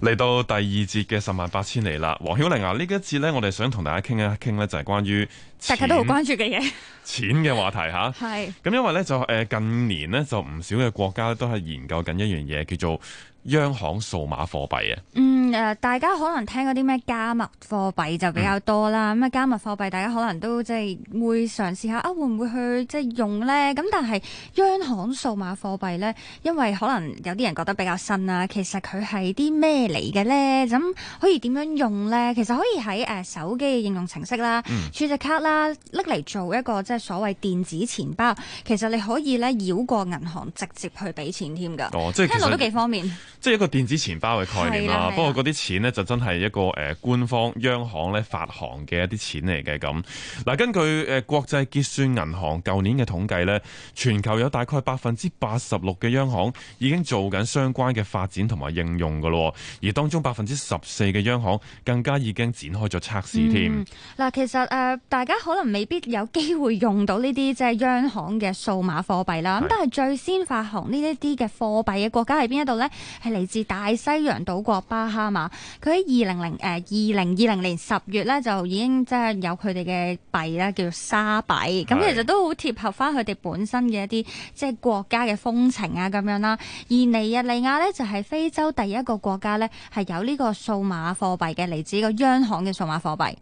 嚟到第二節嘅十萬八千里啦，黃曉玲啊，一節呢一節咧，我哋想同大家傾一傾咧，就係關於大家都好關注嘅嘢、錢嘅話題吓。係， 咁因為咧就誒近年咧就唔少嘅國家都係研究緊一樣嘢叫做央行數碼貨幣啊，嗯，大家可能聽嗰啲咩加密貨幣就比較多啦。咁、嗯、啊，加密貨幣大家可能都即係會嘗試下啊，會唔會去即係用咧？咁但係央行數碼貨幣咧，因為可能有啲人覺得比較新啊，其實佢係啲咩嚟嘅咧？咁可以點樣用咧？其實可以喺手機嘅應用程式啦、嗯、儲值卡啦，拎嚟做一個即係所謂電子錢包。其實你可以咧繞過銀行直接去俾錢添㗎。哦，即係聽落都幾方便。即係一個電子錢包嘅概念啦。不過嗰啲錢呢，就真係一個誒官方央行咧發行嘅一啲錢嚟嘅咁。嗱，根據誒國際結算銀行舊年嘅統計呢，全球有大概百分之八十六嘅央行已經做緊相關嘅發展同埋應用噶咯。而當中百分之十四嘅央行更加已經展開咗測試添。嗱、嗯，其實誒、呃、大家可能未必有機會用到呢啲即係央行嘅數碼貨幣啦。咁但係最先發行呢一啲嘅貨幣嘅國家喺邊一度呢？係嚟自大西洋島國巴哈馬，佢喺二零零誒二零二零年十月咧就已經即係有佢哋嘅幣咧，叫做沙幣，咁其實都好貼合翻佢哋本身嘅一啲即係國家嘅風情啊咁樣啦。而尼日利亞呢，就係非洲第一個國家呢，係有呢個數碼貨幣嘅，嚟自個央行嘅數碼貨幣。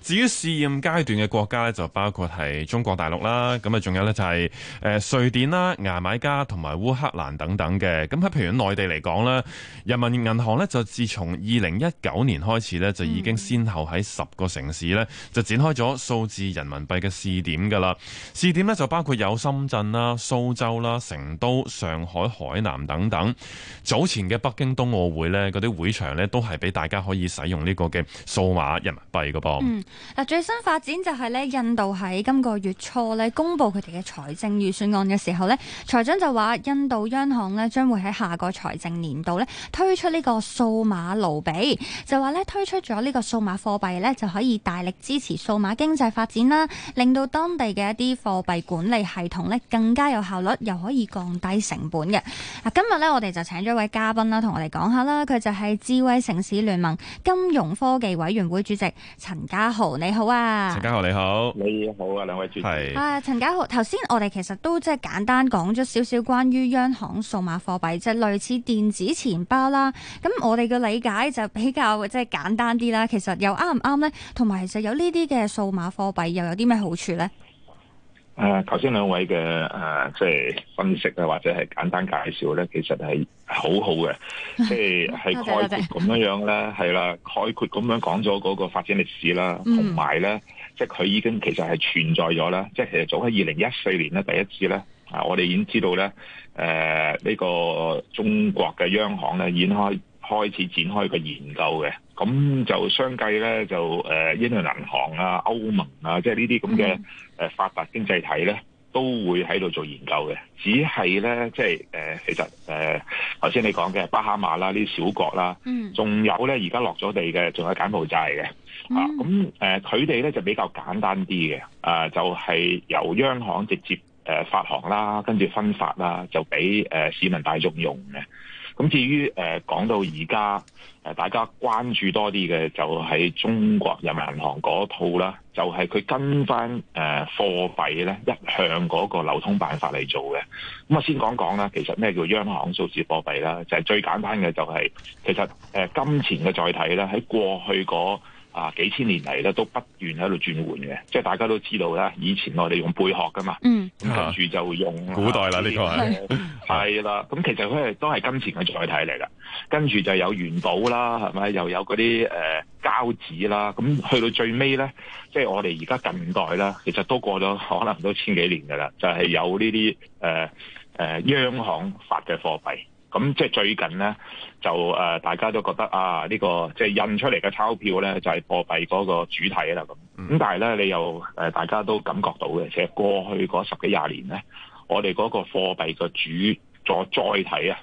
至於試驗階段嘅國家呢，就包括係中國大陸啦，咁啊仲有呢，就係誒瑞典啦、牙買加同埋烏克蘭等等嘅。咁喺譬如喺內地嚟講，講人民銀行咧就自從二零一九年開始咧，就已經先後喺十個城市咧就展開咗數字人民幣嘅試點噶啦。試點咧就包括有深圳啦、蘇州啦、成都、上海、海南等等。早前嘅北京冬奧會咧，嗰啲會場咧都係俾大家可以使用呢個嘅數碼人民幣噶噃。嗯，嗱最新發展就係咧，印度喺今個月初咧公布佢哋嘅財政預算案嘅時候咧，財長就話印度央行咧將會喺下個財政年。年度咧推出呢個數碼盧比，就話咧推出咗呢個數碼貨幣咧就可以大力支持數碼經濟發展啦，令到當地嘅一啲貨幣管理系統咧更加有效率，又可以降低成本嘅。嗱、啊，今日咧我哋就請咗一位嘉賓啦，同我哋講下啦，佢就係智慧城市聯盟金融科技委員會主席陳家豪，你好啊，陳家豪你好，你好啊，兩位主席。啊，陳家豪，頭先我哋其實都即係簡單講咗少少關於央行數碼貨幣，即係類似電子。紙錢包啦，咁我哋嘅理解就比較即係、就是、簡單啲啦。其實又啱唔啱咧？同埋其實有呢啲嘅數碼貨幣又有啲咩好處咧？誒、啊，頭先兩位嘅誒，即、啊、係、就是、分析啊，或者係簡單介紹咧，其實係好好嘅，即係係概括咁樣樣咧，係 啦，概括咁樣講咗嗰個發展歷史啦，同埋咧，即係佢已經其實係存在咗啦，即係其實早喺二零一四年咧，第一次咧，啊，我哋已經知道咧。誒、呃、呢、這個中國嘅央行咧，已經開開始展開個研究嘅，咁就相繼咧就誒、呃、英倫銀行啊、歐盟啊，即係呢啲咁嘅誒發達經濟體咧，都會喺度做研究嘅。只係咧即係誒、呃，其實誒頭先你講嘅巴哈馬啦，呢啲小國啦，嗯，仲有咧而家落咗地嘅，仲有柬埔寨嘅、嗯，啊，咁誒佢哋咧就比較簡單啲嘅，啊、呃，就係、是、由央行直接。誒發行啦，跟住分發啦，就俾、呃、市民大眾用嘅。咁至於誒、呃、講到而家、呃、大家關注多啲嘅，就喺中國人民銀行嗰套啦，就係、是、佢跟翻誒、呃、貨幣咧一向嗰個流通辦法嚟做嘅。咁我先講講啦，其實咩叫央行數字貨幣啦？就係、是、最簡單嘅就係、是、其實誒、呃、金錢嘅載體咧，喺過去嗰啊！幾千年嚟咧都不斷喺度轉換嘅，即係大家都知道啦。以前我哋用貝殼噶嘛，咁跟住就會用、啊、古代啦，呢個係係啦。咁 其實佢都係金錢嘅載體嚟㗎，跟住就有元寶啦，係咪又有嗰啲誒膠紙啦？咁去到最尾咧，即係我哋而家近代啦，其實都過咗可能都千幾年噶啦，就係、誒、有呢啲誒央行發嘅貨幣。咁即係最近咧，就誒、呃、大家都覺得啊，呢、這個即係印出嚟嘅鈔票咧，就係貨幣嗰個主體啦。咁、嗯、咁但係咧，你又、呃、大家都感覺到嘅，其實過去嗰十幾廿年咧，我哋嗰個貨幣嘅主作載體啊，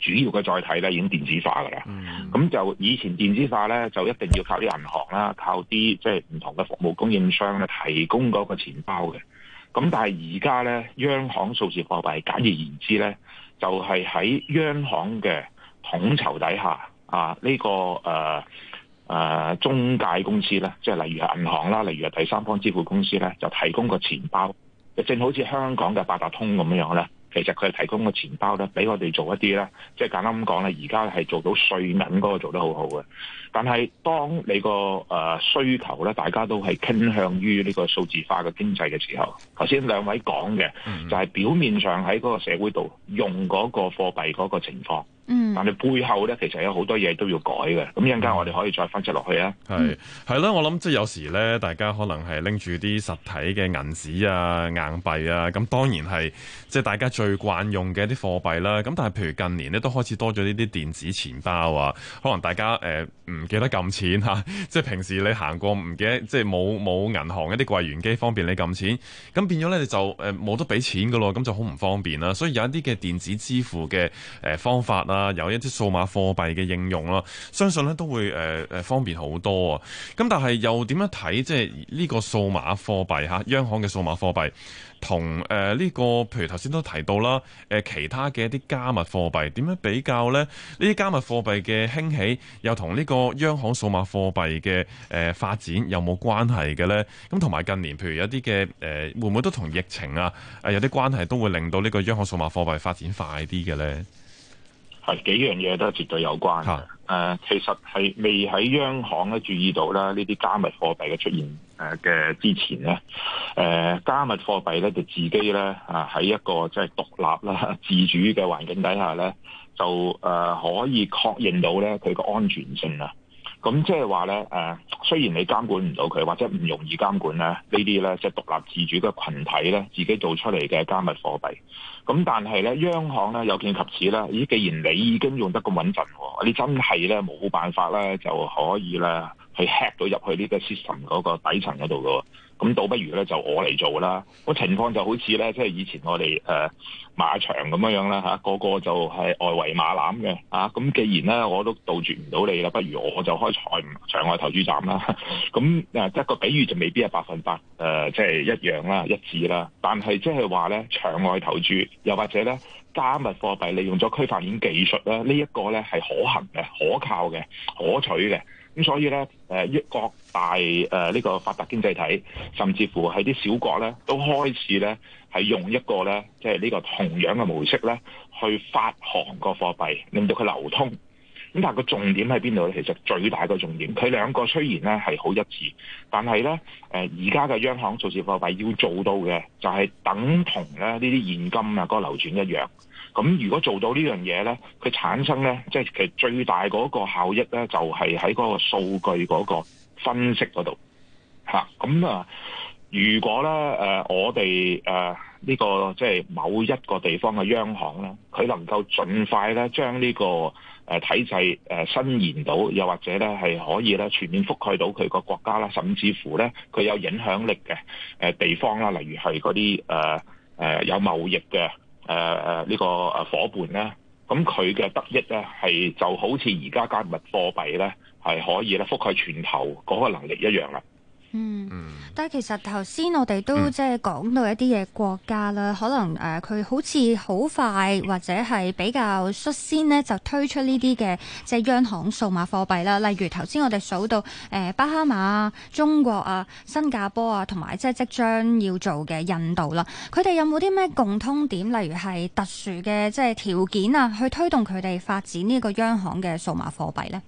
主要嘅載體咧已經電子化㗎喇。咁、嗯、就以前電子化咧，就一定要靠啲銀行啦，靠啲即係唔同嘅服務供應商咧提供嗰個錢包嘅。咁但係而家咧，央行數字貨幣簡而言之咧。就係、是、喺央行嘅統籌底下，啊呢、這個誒誒、呃呃、中介公司咧，即係例如係銀行啦，例如係第三方支付公司咧，就提供個錢包，就正好似香港嘅八達通咁樣咧。其實佢係提供個錢包咧，俾我哋做一啲咧，即係簡單咁講咧，而家係做到稅銀嗰個做得好好嘅。但係當你個誒、呃、需求咧，大家都係傾向於呢個數字化嘅經濟嘅時候，頭先兩位講嘅就係、是、表面上喺嗰個社會度用嗰個貨幣嗰個情況。嗯，但係背後咧，其實有好多嘢都要改嘅。咁一陣間我哋可以再分析落去啊。係係啦，我諗即係有時咧，大家可能係拎住啲實體嘅銀紙啊、硬幣啊，咁當然係即係大家最慣用嘅一啲貨幣啦。咁但係譬如近年咧，都開始多咗呢啲電子錢包啊。可能大家誒唔、呃、記得撳錢吓、啊，即係平時你行過唔記得，即係冇冇銀行一啲櫃員機方便你撳錢，咁變咗咧你就誒冇、呃、得俾錢噶咯，咁就好唔方便啦。所以有一啲嘅電子支付嘅誒、呃、方法啦、啊。啊，有一啲數碼貨幣嘅應用咯，相信咧都會誒誒方便好多啊。咁但係又點樣睇即係呢個數碼貨幣吓央行嘅數碼貨幣同誒呢個，譬如頭先都提到啦，誒其他嘅一啲加密貨幣點樣比較咧？呢啲加密貨幣嘅興起又同呢個央行數碼貨幣嘅誒發展有冇關係嘅咧？咁同埋近年，譬如有啲嘅誒，會唔會都同疫情啊誒有啲關係，都會令到呢個央行數碼貨幣發展快啲嘅咧？係幾樣嘢都係絕對有關嘅。誒，其實係未喺央行咧注意到啦，呢啲加密貨幣嘅出現誒嘅之前咧，誒加密貨幣咧就自己咧啊喺一個即係獨立啦、自主嘅環境底下咧，就誒可以確認到咧佢個安全性啊。咁即係話咧，誒，雖然你監管唔到佢，或者唔容易監管咧，呢啲咧即係獨立自主嘅群體咧，自己做出嚟嘅加密貨幣，咁但係咧，央行咧有見及此啦，咦，既然你已經用得咁穩陣，哦，你真係咧冇辦法咧就可以咧去 hack 到入去呢個 system 嗰個底層嗰度㗎。咁倒不如咧就我嚟做啦，個情況就好似咧，即係以前我哋誒馬場咁樣啦嚇，個個就係外圍馬籃嘅，啊咁既然咧我都杜絕唔到你啦，不如我就開彩場外投注站啦，咁誒即係個比喻就未必係百分百誒即係一樣啦、一致啦，但係即係話咧場外投注又或者咧加密貨幣利用咗區塊鏈技術咧，呢一個咧係可行嘅、可靠嘅、可取嘅。咁所以咧，誒一各大誒呢個發達經濟體，甚至乎喺啲小國咧，都開始咧係用一個咧，即係呢個同樣嘅模式咧，去發行個貨幣，令到佢流通。咁但係個重點喺邊度咧？其實最大個重點，佢兩個雖然咧係好一致，但係咧誒而家嘅央行數碼貨幣要做到嘅，就係等同咧呢啲現金啊嗰個流轉一樣。咁如果做到呢樣嘢咧，佢產生咧，即係其實最大嗰個效益咧，就係喺嗰個數據嗰個分析嗰度。咁啊，如果咧誒、呃、我哋誒呢個即係某一個地方嘅央行咧，佢能夠盡快咧將呢個誒體制誒伸延到，又或者咧係可以咧全面覆蓋到佢個國家啦，甚至乎咧佢有影響力嘅地方啦，例如係嗰啲誒誒有貿易嘅。誒、呃、誒、這個、呢個誒夥伴咧，咁佢嘅得益咧係就好似而家加密貨幣咧係可以咧覆蓋全球嗰個能力一樣啦。嗯，但係其實頭先我哋都即係講到一啲嘅國家啦、嗯，可能誒佢、呃、好似好快或者係比較率先咧就推出呢啲嘅即係央行數碼貨幣啦。例如頭先我哋數到誒、呃、巴哈馬、中國啊、新加坡啊，同埋即係即將要做嘅印度啦，佢哋有冇啲咩共通點？例如係特殊嘅即係條件啊，去推動佢哋發展呢個央行嘅數碼貨幣咧？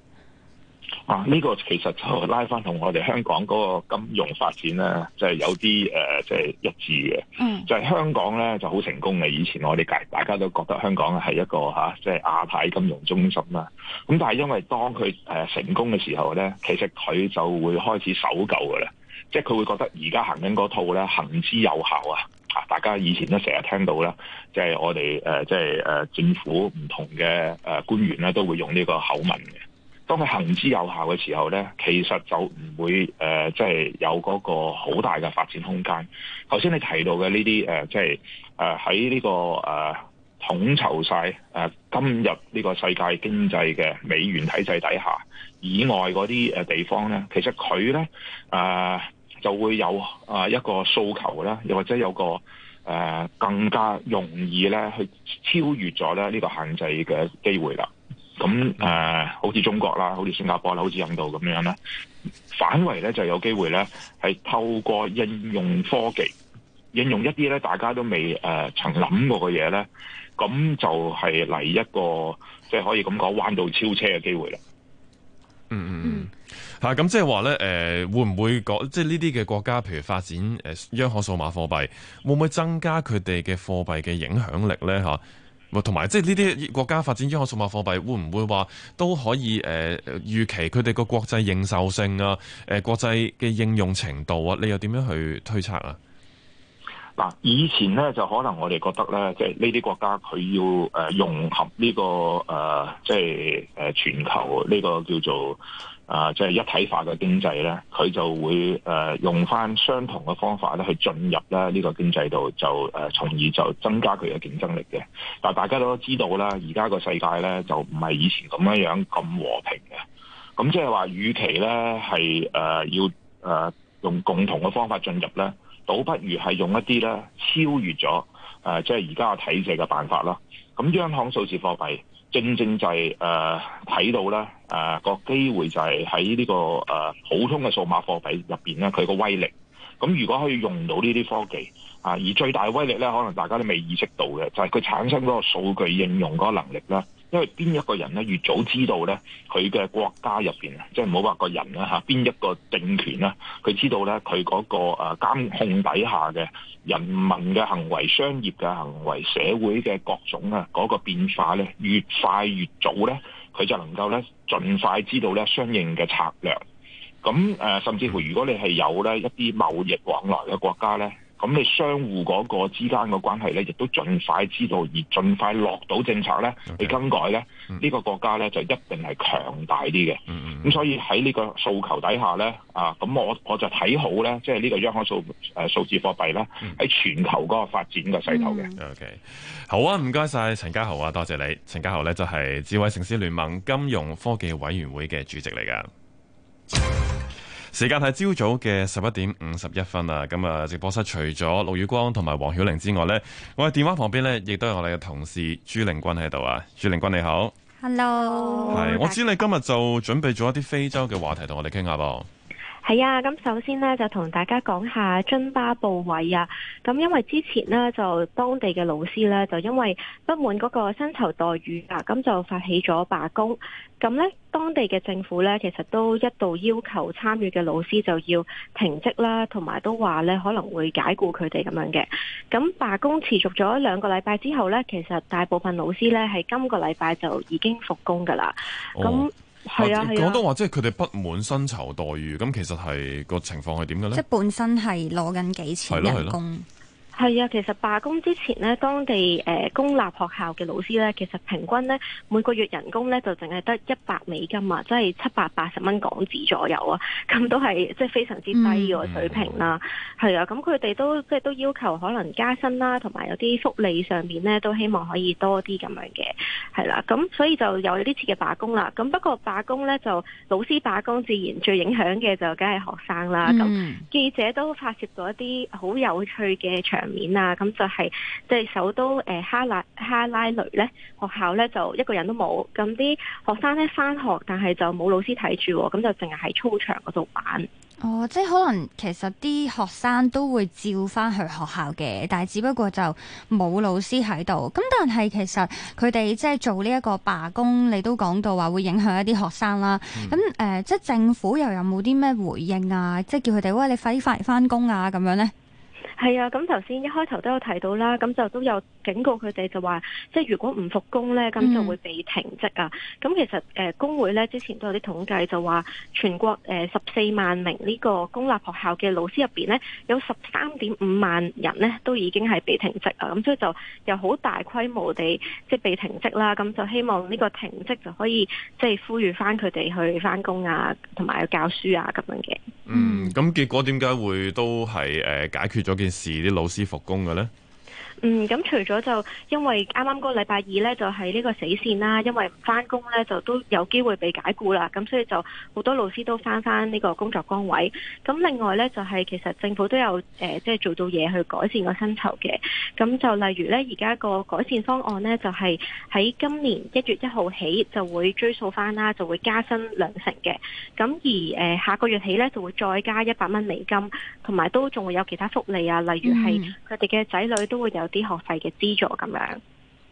啊！呢、這個其實就拉翻同我哋香港嗰個金融發展咧，就係、是、有啲誒，即、呃、係、就是、一致嘅。嗯，就係、是、香港咧就好成功嘅。以前我哋大大家都覺得香港係一個嚇，即、啊、係、就是、亞太金融中心啦。咁但係因為當佢誒成功嘅時候咧，其實佢就會開始守舊嘅啦。即係佢會覺得而家行緊嗰套咧行之有效啊！啊，大家以前都成日聽到啦，即、就、係、是、我哋誒，即係誒政府唔同嘅誒官員咧，都會用呢個口吻嘅。當佢行之有效嘅時候咧，其實就唔會誒，即、呃、係、就是、有嗰個好大嘅發展空間。頭先你提到嘅呢啲，即係誒喺呢個誒、呃、統籌曬誒今日呢個世界經濟嘅美元體制底下以外嗰啲地方咧，其實佢咧誒就會有誒一個訴求啦，又或者有個誒、呃、更加容易咧去超越咗咧呢個限制嘅機會啦。咁誒，好似中國啦，好似新加坡啦，好似印度咁樣啦，反為咧就有機會咧，係透過應用科技，應用一啲咧大家都未誒曾諗過嘅嘢咧，咁就係嚟一個即係可以咁講彎道超車嘅機會啦。嗯嗯嗯，吓、嗯、咁、啊呃、即係話咧，誒會唔會講即係呢啲嘅國家，譬如發展誒、呃、央行數碼貨幣，會唔會增加佢哋嘅貨幣嘅影響力咧？吓？同埋，即係呢啲國家發展央行數碼貨幣，會唔會話都可以，誒預期佢哋個國際認受性啊，誒國際嘅應用程度啊，你又點樣去推測啊？嗱，以前咧就可能我哋覺得咧，即係呢啲國家佢要誒融合呢個誒，即係誒全球呢、呢個叫做。啊，即係一體化嘅經濟咧，佢就會誒用返相同嘅方法咧去進入咧呢個經濟度，就誒從而就增加佢嘅競爭力嘅。但大家都知道啦，而家個世界咧就唔係以前咁樣咁和平嘅。咁即係話，與其咧係誒要誒、呃、用共同嘅方法進入咧，倒不如係用一啲咧超越咗誒即係而家個體制嘅辦法囉。咁央行數字貨幣，正正就係誒睇到咧，誒、呃、個機會就係喺呢個誒、呃、普通嘅數碼貨幣入面呢。咧，佢個威力。咁如果可以用到呢啲科技啊，而最大威力咧，可能大家都未意識到嘅，就係、是、佢產生嗰個數據應用嗰個能力啦。因為邊一個人咧越早知道咧，佢嘅國家入邊，即係唔好話個人啦吓，邊一個政權啦，佢知道咧佢嗰個誒監控底下嘅人民嘅行為、商業嘅行為、社會嘅各種啊嗰個變化咧，越快越早咧，佢就能夠咧盡快知道咧相應嘅策略。咁誒，甚至乎如果你係有咧一啲貿易往來嘅國家咧。咁你相互嗰個之間嘅關係咧，亦都盡快知道，而盡快落到政策咧，你更改咧，呢、okay. 個國家咧就一定係強大啲嘅。咁、mm-hmm. 所以喺呢個訴求底下咧，啊，咁我我就睇好咧，即係呢個央行數、呃、數字貨幣咧喺全球嗰個發展嘅勢頭嘅。Mm-hmm. O、okay. K，好啊，唔該晒，陳家豪啊，多謝你。陳家豪咧就係、是、智慧城市聯盟金融科技委員會嘅主席嚟噶。 時間係朝早嘅十一點五十一分啊！咁啊，直播室除咗盧宇光同埋黃曉玲之外呢，我喺電話旁邊呢，亦都有我哋嘅同事朱令筠喺度啊！朱令筠你好，Hello，係，我知你今日就準備咗一啲非洲嘅話題同我哋傾下噃。係啊，咁首先呢，就同大家講下津巴布韋啊，咁因為之前呢，就當地嘅老師呢，就因為不滿嗰個薪酬待遇啊，咁就發起咗罷工。咁呢，當地嘅政府呢，其實都一度要求參與嘅老師就要停職啦，同埋都話呢可能會解僱佢哋咁樣嘅。咁罷工持續咗兩個禮拜之後呢，其實大部分老師呢，係今個禮拜就已經復工噶啦。咁、哦係啊，是啊話，講到話即係佢哋不滿薪酬待遇，咁其實係、個情況係點嘅咧？即係本身係攞緊幾錢人工。啊係啊，其實罷工之前咧，當地、呃、公立學校嘅老師咧，其實平均咧每個月人工咧就淨係得一百美金啊，即係七百八十蚊港紙左右啊，咁都係即係非常之低個水平啦。係啊，咁佢哋都即係、就是、都要求可能加薪啦、啊，同埋有啲福利上面咧都希望可以多啲咁樣嘅，係啦。咁所以就有呢次嘅罷工啦。咁不過罷工咧就老師罷工，自然最影響嘅就梗係學生啦。咁、嗯、記者都發攝咗一啲好有趣嘅場面。面啊、就是，咁就係即係首都誒哈拉哈拉雷咧，學校咧就一個人都冇，咁啲學生咧翻學，但係就冇老師睇住，咁就淨係喺操場嗰度玩。哦，即係可能其實啲學生都會照翻去學校嘅，但係只不過就冇老師喺度。咁但係其實佢哋即係做呢一個罷工，你都講到話會影響一啲學生啦。咁、嗯、誒、呃，即係政府又有冇啲咩回應啊？即係叫佢哋喂，你快啲翻嚟翻工啊，咁樣咧？係啊，咁頭先一開頭都有提到啦，咁就都有。警告佢哋就話，即係如果唔復工呢，咁就會被停職啊。咁、嗯、其實誒工會咧之前都有啲統計就話，全國誒十四萬名呢個公立學校嘅老師入邊呢，有十三點五萬人呢，都已經係被停職啊。咁所以就又好大規模地即係被停職啦。咁就希望呢個停職就可以即係呼籲翻佢哋去翻工啊，同埋去教書啊咁樣嘅。嗯，咁結果點解會都係誒解決咗件事，啲老師復工嘅呢？嗯，咁除咗就因為啱啱個禮拜二咧，就係呢個死線啦，因為唔翻工咧，就都有機會被解雇啦。咁所以就好多老師都翻翻呢個工作崗位。咁另外咧，就係其實政府都有誒即係做到嘢去改善個薪酬嘅。咁就例如咧，而家個改善方案咧，就係喺今年一月一號起就會追溯翻啦，就會加薪兩成嘅。咁而誒下個月起咧，就會再加一百蚊美金，同埋都仲會有其他福利啊，例如係佢哋嘅仔女都會有。啲學費嘅資助咁樣，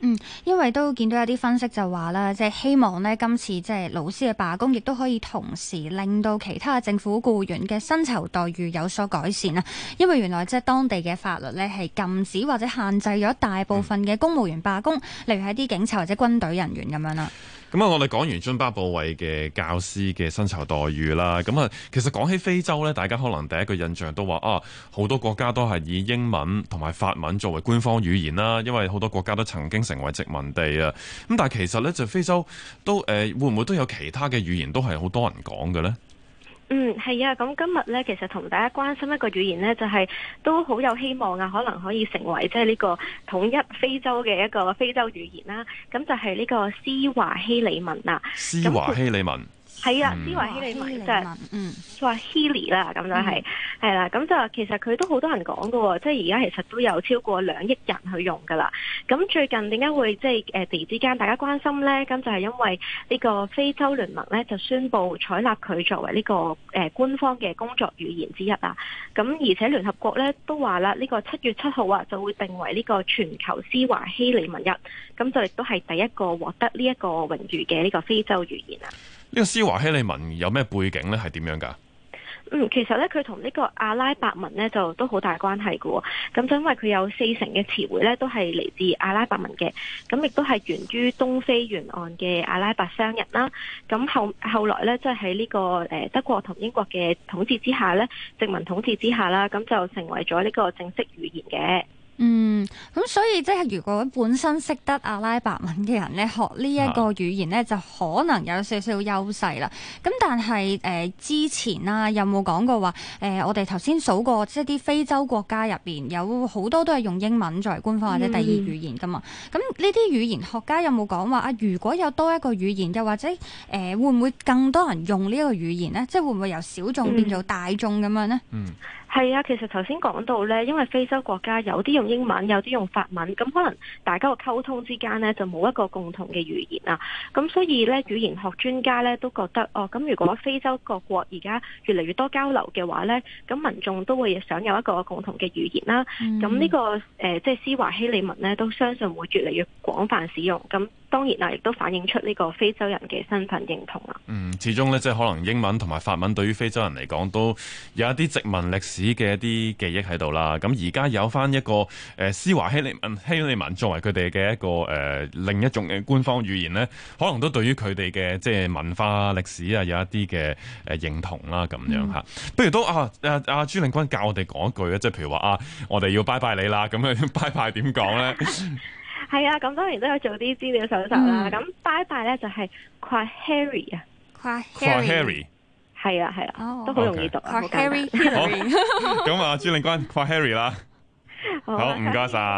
嗯，因為都見到有啲分析就話啦，即係希望呢，今次即係老師嘅罷工，亦都可以同時令到其他政府僱員嘅薪酬待遇有所改善啊！因為原來即係當地嘅法律呢，係禁止或者限制咗大部分嘅公務員罷工，嗯、例如係啲警察或者軍隊人員咁樣啦。咁啊，我哋講完津巴布韋嘅教師嘅薪酬待遇啦。咁啊，其實講起非洲呢，大家可能第一個印象都話啊，好多國家都係以英文同埋法文作為官方語言啦。因為好多國家都曾經成為殖民地啊。咁但係其實呢，就非洲都誒、呃，會唔會都有其他嘅語言都係好多人講嘅呢？嗯，係啊，咁今日呢，其實同大家關心一個語言呢，就係都好有希望啊，可能可以成為即係呢個統一非洲嘅一個非洲語言啦。咁就係呢個斯華希里文啦，斯華希里文。係、嗯、啊，斯華希里文就係，嗯，佢話、嗯、希里啦，咁就係係啦。咁就其實佢都好多人講噶，即係而家其實都有超過兩億人去用噶啦。咁最近點解會即係誒，突、呃、然之間大家關心咧？咁就係因為呢個非洲聯盟咧就宣布採納佢作為呢、這個誒、呃、官方嘅工作語言之一啊。咁而且聯合國咧都話啦，呢個七月七號啊就會定為呢個全球斯華希里文日，咁就亦都係第一個獲得呢一個榮譽嘅呢個非洲語言啊。呢個斯華希里文有咩背景呢？係點樣噶？嗯，其實呢，佢同呢個阿拉伯文呢，就都好大關係嘅。咁就因為佢有四成嘅詞彙呢，都係嚟自阿拉伯文嘅，咁亦都係源於東非沿岸嘅阿拉伯商人啦。咁後後來呢，即係喺呢個誒德國同英國嘅統治之下呢，殖民統治之下啦，咁就成為咗呢個正式語言嘅。嗯，咁所以即係如果本身識得阿拉伯文嘅人咧，學呢一個語言咧，就可能有少少優勢啦。咁但係誒、呃、之前啦、啊，有冇講過話誒、呃？我哋頭先數過，即係啲非洲國家入邊，有好多都係用英文作為官方或者第二語言㗎嘛。咁呢啲語言學家有冇講話啊？如果有多一個語言，又或者誒、呃、會唔會更多人用呢一個語言咧？即係會唔會由小眾變做大眾咁樣咧？嗯。嗯。係啊，其實頭先講到呢，因為非洲國家有啲用英文，有啲用法文，咁可能大家個溝通之間呢，就冇一個共同嘅語言啊。咁所以呢，語言學專家呢，都覺得哦，咁如果非洲各國而家越嚟越多交流嘅話呢，咁民眾都會想有一個共同嘅語言啦。咁、嗯、呢、這個誒、呃，即係斯華希里文呢，都相信會越嚟越廣泛使用。咁當然啊，亦都反映出呢個非洲人嘅身份認同啦。嗯，始終咧，即係可能英文同埋法文對於非洲人嚟講，都有一啲殖民歷史嘅一啲記憶喺度啦。咁而家有翻一個誒、呃、斯華希里文希里文作為佢哋嘅一個誒、呃、另一種嘅官方語言咧，可能都對於佢哋嘅即係文化歷史啊，有一啲嘅誒認同啦、啊、咁樣嚇。不、嗯、如都啊啊啊，啊朱令筠教我哋講一句啊，即係譬如話啊，我哋要拜拜你啦，咁、嗯、樣拜拜點講咧？ 係啊，咁當然都有做啲資料搜集啦。咁、嗯、拜拜咧就係 Kwaheri 啊，Kwaheri 係啊係啊，oh. 都好容易讀啊。Okay. 好，咁 啊，朱令筠，Kwaheri 啦，好唔該晒。啊謝謝，咳咳